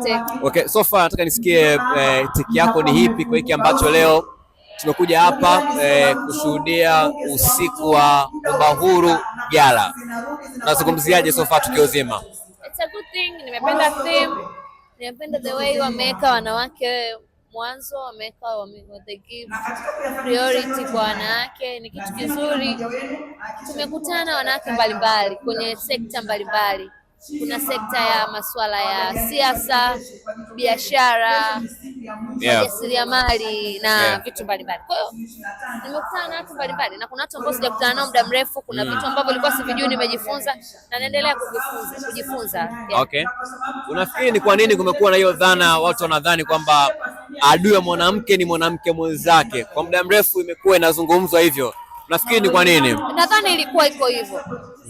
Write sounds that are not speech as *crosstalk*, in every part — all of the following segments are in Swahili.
Asante. Okay, so far nataka nisikie eh, tiki yako ni hipi kwa hiki ambacho leo tumekuja hapa eh, kushuhudia usiku wa Bomba Huru Gala. Nazungumziaje so far tukio zima? It's a good thing. Nimependa theme. Nimependa the way wameweka wanawake mwanzo wameweka they give priority kwa wanawake, ni kitu kizuri. Tumekutana wanawake mbalimbali kwenye sekta mbalimbali kuna sekta ya masuala ya siasa, biashara, ujasiriamali yeah. na yeah. vitu mbalimbali. Kwa hiyo nimekutana na watu mbalimbali na kuna watu ambao sijakutana nao muda mrefu, kuna mm. vitu ambavyo nilikuwa sivijui, nimejifunza na naendelea kujifunza kujifunza. Yeah. Okay. Unafikiri ni kwa nini kumekuwa na hiyo dhana, watu wanadhani kwamba adui ya mwanamke ni mwanamke mwenzake? Kwa muda mrefu imekuwa inazungumzwa hivyo Nafikiri ni kwa nini? Nadhani ilikuwa iko hivyo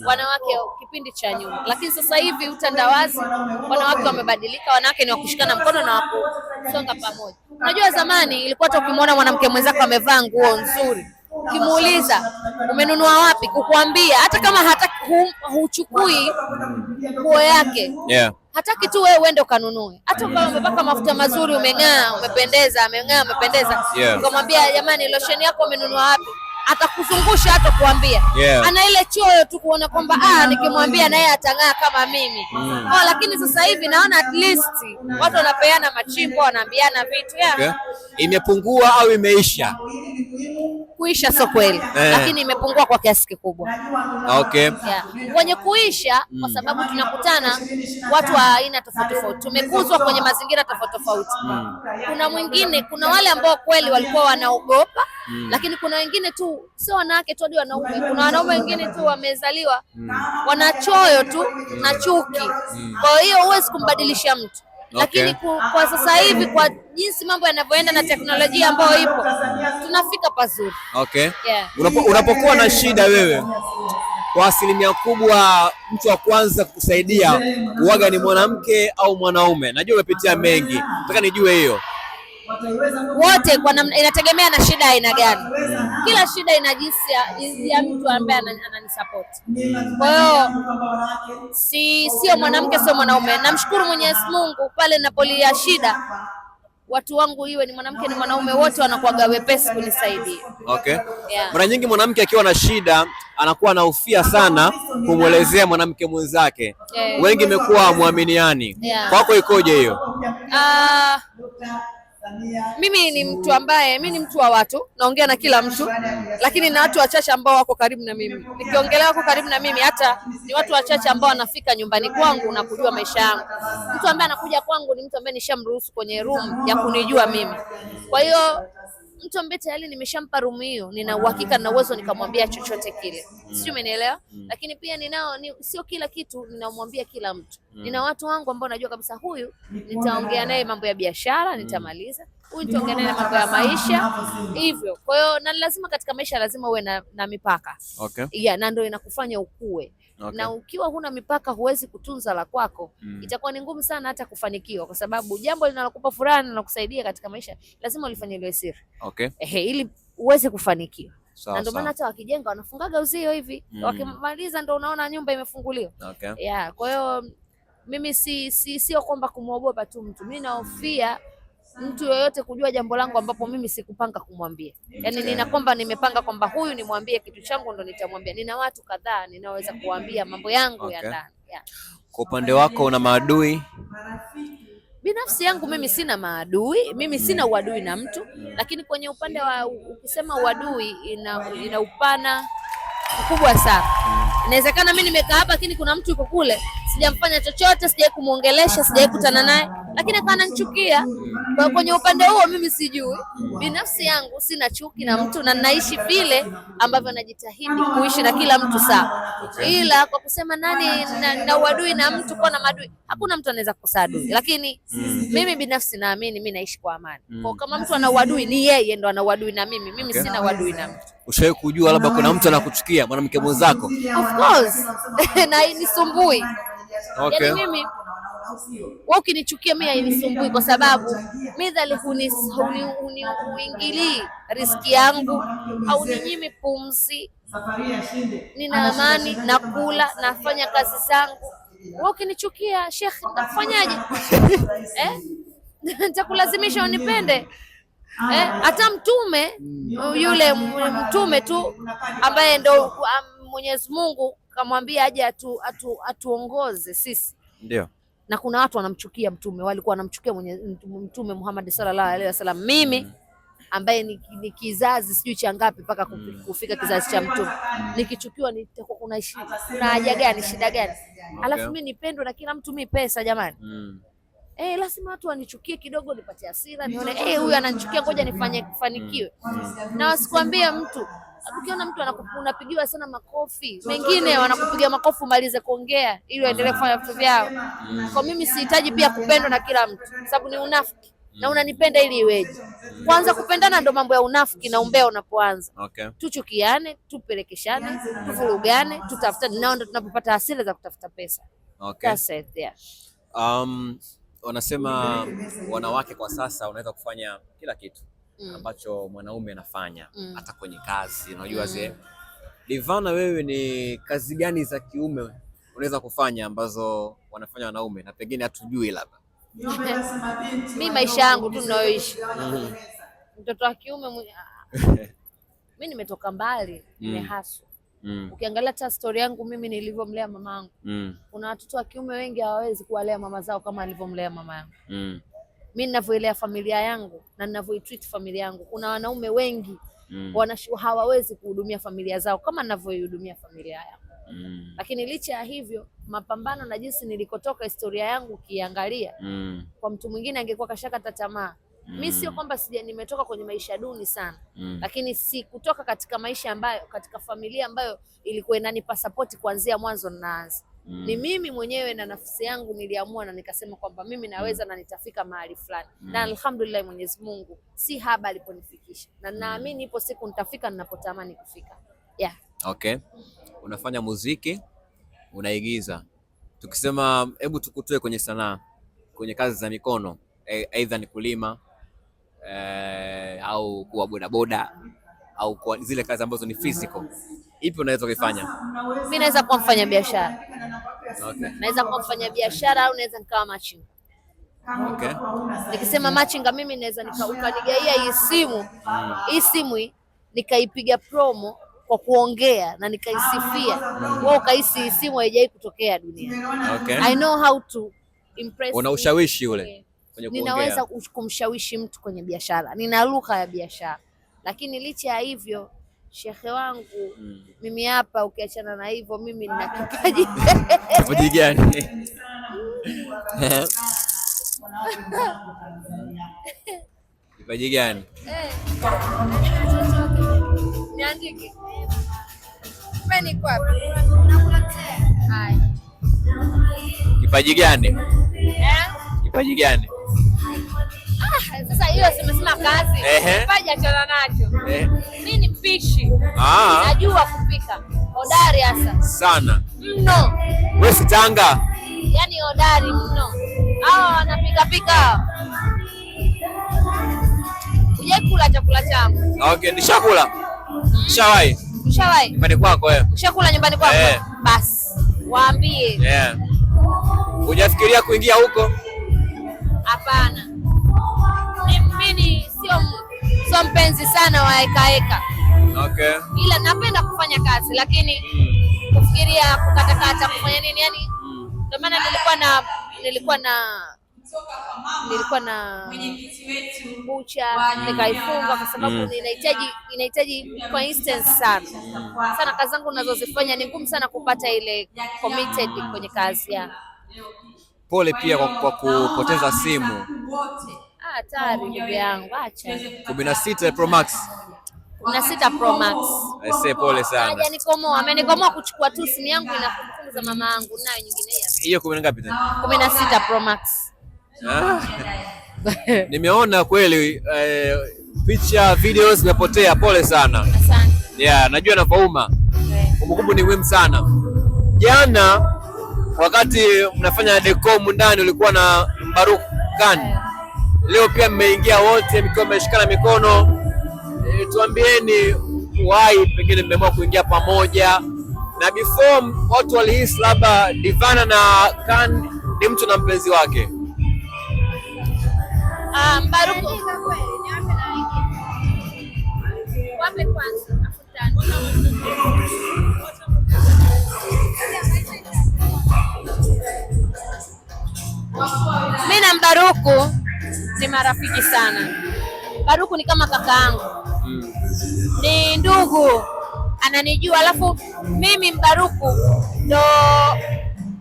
wanawake kipindi cha nyuma, lakini sasa hivi utandawazi, wanawake wamebadilika, wanawake ni wakushikana mkono na wakusonga pamoja. Unajua zamani ilikuwa hata ukimwona mwanamke mwenzako amevaa nguo nzuri ukimuuliza umenunua wapi, kukuambia hata kama hata huchukui nguo yake yeah. Hataki tu wewe uende ukanunue, hata kama umepaka mafuta mazuri, umeng'aa, umependeza, ameng'aa, umependeza, ukamwambia yeah. Jamani, losheni yako umenunua wapi? atakuzungusha hata kuambia yeah. Ana ile choyo tu kuona kwamba ah, mm. nikimwambia naye atang'aa kama mimi mm. Oh, lakini sasa hivi naona at least watu wanapeana machimbo, wanaambiana vitu yeah. Okay. Imepungua au imeisha? kuisha sio kweli eh, lakini imepungua kwa kiasi kikubwa. Okay. Yeah. Kwenye kuisha mm, kwa sababu tunakutana watu wa aina tofauti tofauti, tumekuzwa kwenye mazingira tofauti tofauti mm. Kuna mwingine, kuna wale ambao kweli walikuwa wanaogopa mm, lakini kuna wengine tu sio wanawake tu, wanaume, kuna wanaume wengine tu wamezaliwa mm, wanachoyo tu mm, na chuki mm. Kwa hiyo huwezi kumbadilisha mtu lakini Kwa sasa hivi kwa jinsi mambo yanavyoenda na teknolojia ambayo ipo, tunafika pazuri. Okay. Yeah. Unapo, unapokuwa na shida wewe kwa asilimia kubwa mtu wa kwanza kukusaidia uwaga ni mwanamke au mwanaume? Najua umepitia mengi, nataka nijue hiyo. Wote kwa namna, inategemea na shida aina gani. Kila shida ina jinsi ya mtu ambaye ananisupport. Kwa hiyo si sio mwanamke sio mwanaume. Namshukuru Mwenyezi Mungu pale napolia shida watu wangu, iwe ni mwanamke ni mwanaume, wote wanakuwaga wepesi kunisaidia. Okay. Yeah. Mara nyingi mwanamke akiwa na shida anakuwa anahofia sana kumwelezea mwanamke mwenzake. Yeah. Wengi imekuwa mwaminiani. Yeah. Kwako ikoje hiyo? Uh, mimi ni mtu ambaye mimi ni mtu wa watu, naongea na kila mtu, lakini na watu wachache ambao wako karibu na mimi. Nikiongelea wako karibu na mimi, hata ni watu wachache ambao wanafika nyumbani kwangu na kujua maisha yangu. Mtu ambaye anakuja kwangu ni mtu ambaye nishamruhusu kwenye room ya kunijua mimi, kwa hiyo mtu ambaye tayari nimeshampa room hiyo, nina uhakika na uwezo nikamwambia chochote kile, mm. sio, umenielewa? Mm. Lakini pia ninao ni, sio kila kitu ninamwambia kila mtu. Mm. Nina watu wangu ambao najua kabisa huyu nitaongea naye mambo ya biashara, nitamaliza uitongane na mambo ya maisha hivyo. Kwa hiyo na lazima katika maisha lazima uwe na, na mipaka okay. Yeah, na ndio inakufanya ukue okay. Na ukiwa huna mipaka huwezi kutunza la kwako mm. Itakuwa ni ngumu sana hata kufanikiwa, kwa sababu jambo linalokupa furaha na linalokusaidia katika maisha lazima ulifanye liwe siri okay. Ehe, ili uweze kufanikiwa na ndio maana hata wakijenga wanafungaga uzio hivi mm. Wakimaliza ndio unaona nyumba imefunguliwa okay. Yeah, kwa hiyo mimi si, si sio kwamba kumwogopa tu mtu, mimi naofia mtu yoyote kujua jambo langu ambapo mimi sikupanga kumwambia. Yaani nina kwamba nimepanga kwamba huyu nimwambie kitu changu ndo nitamwambia. Nina watu kadhaa ninaweza kuwaambia mambo yangu okay, ya ndani. Yeah. Kwa upande wako una maadui? Binafsi yangu mimi sina maadui, mimi sina uadui na mtu, lakini kwenye upande wa ukisema uadui ina, ina upana mkubwa sana. Inawezekana mimi nimekaa hapa, lakini kuna mtu yuko kule, sijamfanya chochote, sijai kumwongelesha, sijai kutana naye lakini akananichukia. Kwa kwenye upande huo mimi sijui, binafsi yangu sina chuki na mtu na naishi vile ambavyo najitahidi kuishi na kila mtu sawa, ila kwa kusema nani na, na uadui na mtu kwa na madui, hakuna mtu anaweza kukosa adui, mm. lakini mm. mimi binafsi naamini mimi naishi kwa amani mm. kwa kama mtu ana uadui ni yeye ndo ana uadui na mimi, mimi okay. sina uadui na mtu. Ushawahi kujua labda kuna mtu anakuchukia mwanamke mwenzako? Of course *laughs* na nisumbui okay. yani mimi wewe ukinichukia mimi hainisumbui, kwa sababu midhali huniingilii riski yangu, hauninyimi pumzi, nina amani, nakula, nafanya kazi zangu. Wewe ukinichukia Sheikh, nitakufanyaje? *laughs* eh? *laughs* nitakulazimisha unipende eh? Hata mtume mm. uh, yule mtume tu ambaye ndo Mwenyezi Mungu kamwambia aje atu, atu, atuongoze sisi ndio na kuna watu wanamchukia mtume, walikuwa wanamchukia mtume Muhammad sallallahu alaihi wasallam. Mimi ambaye ni, ni kizazi sijui cha ngapi mpaka kufika kizazi cha mtume, nikichukiwa nitakuwa kuna haja gani? Shida gani? Alafu mimi nipendwe na kila mtu, mi pesa jamani. Mm eh, lazima watu wanichukie kidogo, nipate hasira, mm. nione eh, huyu ananichukia, ngoja nifanye kufanikiwe. Mm. Mm. Na wasikwambie mtu ukiona mtu unapigiwa sana makofi, mengine wanakupiga makofi umalize kuongea ili waendelee kufanya vitu vyao. Kwa mimi sihitaji pia kupendwa na kila mtu, sababu ni unafiki na unanipenda ili iweje? Kwanza kupendana ndo mambo ya unafiki na umbea unapoanza. Okay. Tuchukiane, tupelekeshane, tuvurugane, tutafuta nao ndo tunapopata hasira za kutafuta pesa. Okay. That's it, yeah. Um, wanasema mm. wanawake kwa sasa wanaweza kufanya kila kitu mm. ambacho mwanaume anafanya mm. hata kwenye kazi unajua mm. ze Livana, wewe ni kazi gani za kiume unaweza kufanya ambazo wanafanya wanaume na pengine hatujui labda? *laughs* Mi maisha yangu tu ninayoishi mm. mtoto wa kiume mimi *laughs* nimetoka mbali, mm. nimehasu Mm. Ukiangalia hata stori yangu mimi nilivyomlea mamangu mm. Kuna watoto wa kiume wengi hawawezi kuwalea mama zao kama alivyomlea mama yangu mm. Mimi ninavyoilea familia yangu na ninavyoitreat familia yangu, kuna wanaume wengi mm. wanashu, hawawezi kuhudumia familia zao kama ninavyoihudumia familia yangu mm. Lakini licha ya hivyo mapambano na jinsi nilikotoka, historia yangu kiangalia mm. kwa mtu mwingine angekuwa kashakata tamaa Mm. Mi sio mm. kwamba sija nimetoka kwenye maisha duni sana mm. Lakini si kutoka katika maisha ambayo katika familia ambayo ilikuwa inanipa sapoti kuanzia mwanzo ninaanza mm. Ni mimi mwenyewe na nafsi yangu niliamua na nikasema kwamba mimi naweza mm. na nitafika mahali fulani mm. Na alhamdulillah Mwenyezi Mungu si haba aliponifikisha na mm. naamini ipo siku nitafika ninapotamani kufika yeah. Okay. Unafanya muziki, unaigiza. Tukisema hebu tukutoe kwenye sanaa, kwenye kazi za mikono, e, aidha ni kulima eh, au kuwa bodaboda au kwa zile kazi ambazo ni physical, ipi unaweza kuifanya? Mimi naweza kuwa mfanya biashara okay. Naweza kuwa mfanya biashara au naweza nikawa machinga okay. Nikisema machinga, mimi naweza ukanigaia hii simu hii simu nikaipiga promo kwa kuongea na nikaisifia, wewe ukahisi simu haijai kutokea dunia okay. I know how to impress, una ushawishi ule kwenye kuongea. Ninaweza kumshawishi mtu kwenye biashara, nina lugha ya biashara, lakini licha ya hivyo shehe wangu mm. Mimi hapa ukiachana na hivyo, mimi nina kipaji kipaji gani? Eh. kipaji gani? Eh? kipaji gani? kipaji gani? Ah, sasa hiyo simesema kazi. Eh. chana nacho. Mimi ni mpishi. Ah. Najua kupika. Hodari hasa. Sana. Mno. Wewe si Tanga? Yani hodari mno. Hao wanapika pika. Uje kula chakula changu. Okay, nishakula. Nishawahi. Nishawahi. Nyumbani kwako wewe. Ushakula nyumbani kwako? Eh. Basi Waambie. Yeah. Hujafikiria kuingia huko? Hapana sio mpenzi sana wa heka Okay. Ila napenda kufanya kazi lakini kufikiria kukatakata kufanya nini yani mm. ndio maana nilikuwa na nilikuwa na nilikuwa na bucha nikaifunga kwa sababu mm. inahitaji inahitaji kwa instance sana sana. Kazi zangu nazozifanya ni ngumu sana kupata ile committed kwenye kazi ya. Pole pia kwa kupoteza simu hatari oh. ndugu yangu, acha. 16 Pro Max. 16 Pro Max. Aise, pole sana. Hajanikomoa, amenikomoa kuchukua tu simu yangu ina kumbukumbu za mama yangu nayo nyingine hapa. Hiyo kumi ngapi tena? 16 Pro Max. Ah. Nimeona kweli eh, picha videos zimepotea, pole sana. Asante. Yeah, najua nafauma. Kumbukumbu ni muhimu sana. Jana wakati mnafanya deco ndani ulikuwa na Mbaruku Khan leo pia mmeingia wote mkiwa mmeshikana mikono e, tuambieni wai pengine mmeamua kuingia pamoja na before watu walihisi labda Divana na Kan ni mtu na mpenzi wake. Um, ah, Baruku na ni marafiki sana. Baruku ni kama kaka yangu mm. ni ndugu ananijua, alafu mimi mbaruku ndo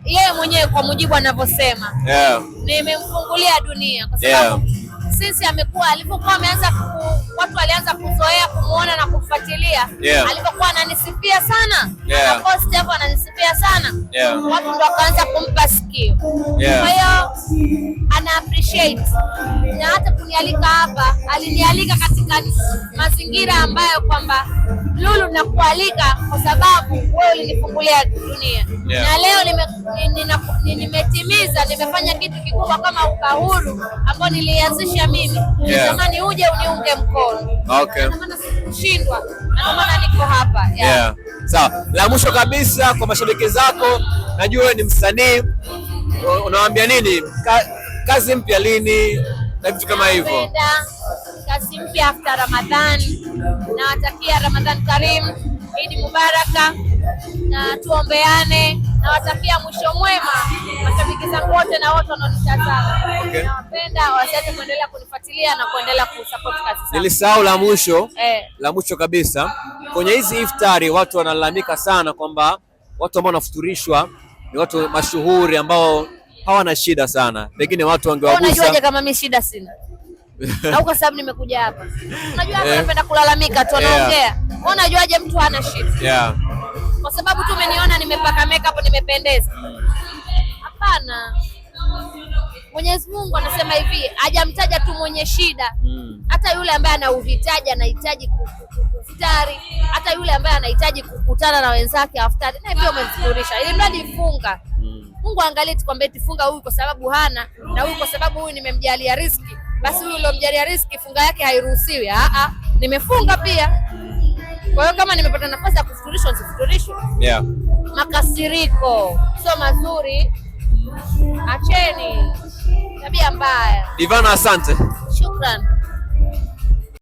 yeye mwenyewe kwa mujibu anavyosema yeah. nimemfungulia dunia kwa sababu yeah. sisi amekuwa alipokuwa ameanza watu walianza kuzoea kumuona na kufuatilia yeah. Alipokuwa ananisifia sana yeah. Anaposti hapo ananisifia sana yeah. Watu ndo wakaanza kumpa sikio yeah. Kwa hiyo ana appreciate na hata kunialika hapa, alinialika katika mazingira ambayo kwamba Lulu nakualika kwa sababu wewe ulinifungulia dunia yeah. Na leo nimetimiza nime, nime, nimefanya kitu kikubwa kama ukahuru ambao nilianzisha mimi yeah. Natamani uje uniunge mkono Okay. Shindwa. Niko hapa. Yeah. Yeah. Sawa. La mwisho kabisa kwa mashabiki zako, najua ni msanii, unawaambia nini? Ka, kazi mpya lini na vitu kama hivyo? Kazi mpya after Ramadhan. Nawatakia Ramadhan Karim, idi Mubaraka na tuombeane. Nawatakia mwisho mwema mashabiki zangu wote na wote wanaonitazama. Okay. Nawapenda, wasiache kuendelea kunifuatilia na kuendelea kusupport kazi zangu. Nilisahau la mwisho eh, la mwisho kabisa kwenye hizi iftari, watu wanalalamika sana kwamba watu ambao wanafuturishwa ni watu mashuhuri ambao hawana shida sana, pengine watu wangewagusa. Unajuaje kama mimi shida sina? *laughs* au kwa sababu nimekuja hapa? Unajua hapa eh. napenda kulalamika tu, wanaongea. Unajuaje mtu hana shida? Yeah kwa sababu tu umeniona nimepaka makeup nimependeza. Hapana. Mwenyezi Mungu anasema hivi, hajamtaja tu mwenye shida, hmm. hata yule ambaye anauhitaji anahitaji kufutari, hata yule ambaye anahitaji kukutana na wenzake afutari, na hivyo umemfurisha ili mradi mfunga. Hmm. Mungu angalie, tukwambie tifunga huyu kwa sababu hana na huyu kwa sababu huyu nimemjalia riski, basi huyu uliomjalia riski funga yake hairuhusiwi. Nimefunga pia. Kwa hiyo kama nimepata nafasi ya kufuturishwa nisifuturishwa, yeah. Makasiriko sio mazuri, acheni tabia mbaya. Ivana, asante, shukran.